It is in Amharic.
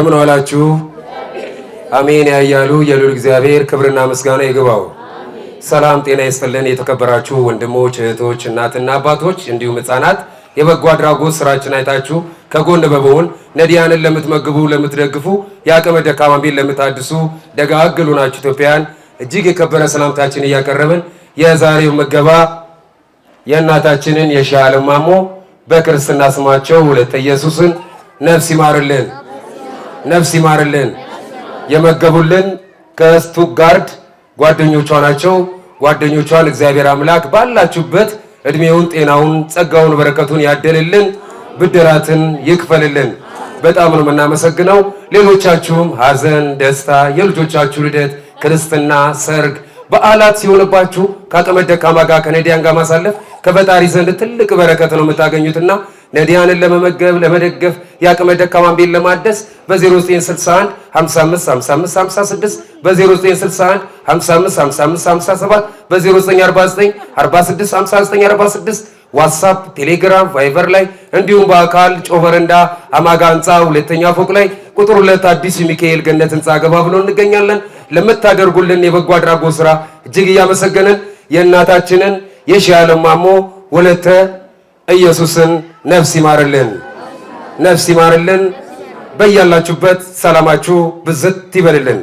እንደምን ዋላችሁ። አሜን ያያሉ የሉል እግዚአብሔር ክብርና ምስጋና ይግባው። ሰላም ጤና ይስጥልን። የተከበራችሁ ወንድሞች እህቶች፣ እናትና አባቶች እንዲሁም ሕፃናት የበጎ አድራጎት ስራችን አይታችሁ ከጎን በመሆን ነዲያንን ለምትመግቡ፣ ለምትደግፉ፣ የአቅመ ደካማ ቤት ለምታድሱ ደጋግ ናችሁ ኢትዮጵያውያን እጅግ የከበረ ሰላምታችን እያቀረብን የዛሬው ምገባ የእናታችንን የሺዓለም ማሞ በክርስትና ስማቸው ሁለተ ኢየሱስን ነፍስ ይማርልን። ነፍስ ይማርልን። የመገቡልን ከስቱትጋርት ጓደኞቿ ናቸው። ጓደኞቿን እግዚአብሔር አምላክ ባላችሁበት እድሜውን፣ ጤናውን፣ ጸጋውን፣ በረከቱን ያደልልን፣ ብድራትን ይክፈልልን። በጣም ነው የምናመሰግነው። ሌሎቻችሁም ሐዘን፣ ደስታ፣ የልጆቻችሁ ልደት፣ ክርስትና፣ ሰርግ፣ በዓላት ሲሆንባችሁ ከአቅመ ደካማ ጋር ከነዳያን ጋር ማሳለፍ ከፈጣሪ ዘንድ ትልቅ በረከት ነው የምታገኙትና ነዳያንን ለመመገብ ለመደገፍ የአቅመ ደካማን ቤት ለማደስ በ0961 555556 በ0961 555557 በ0949 ዋትሳፕ፣ ቴሌግራም፣ ቫይቨር ላይ እንዲሁም በአካል ጮህ በረንዳ አማጋ ህንፃ ሁለተኛ ፎቅ ላይ ቁጥር ሁለት አዲስ ሚካኤል ገነት ህንፃ ገባ ብሎ እንገኛለን። ለምታደርጉልን የበጎ አድራጎት ስራ እጅግ እያመሰገንን የእናታችንን የሺ ዓለም ማሞ ወለተ ኢየሱስን ነፍስ ይማርልን፣ ነፍስ ይማርልን። በያላችሁበት ሰላማችሁ ብዝት ይበልልን።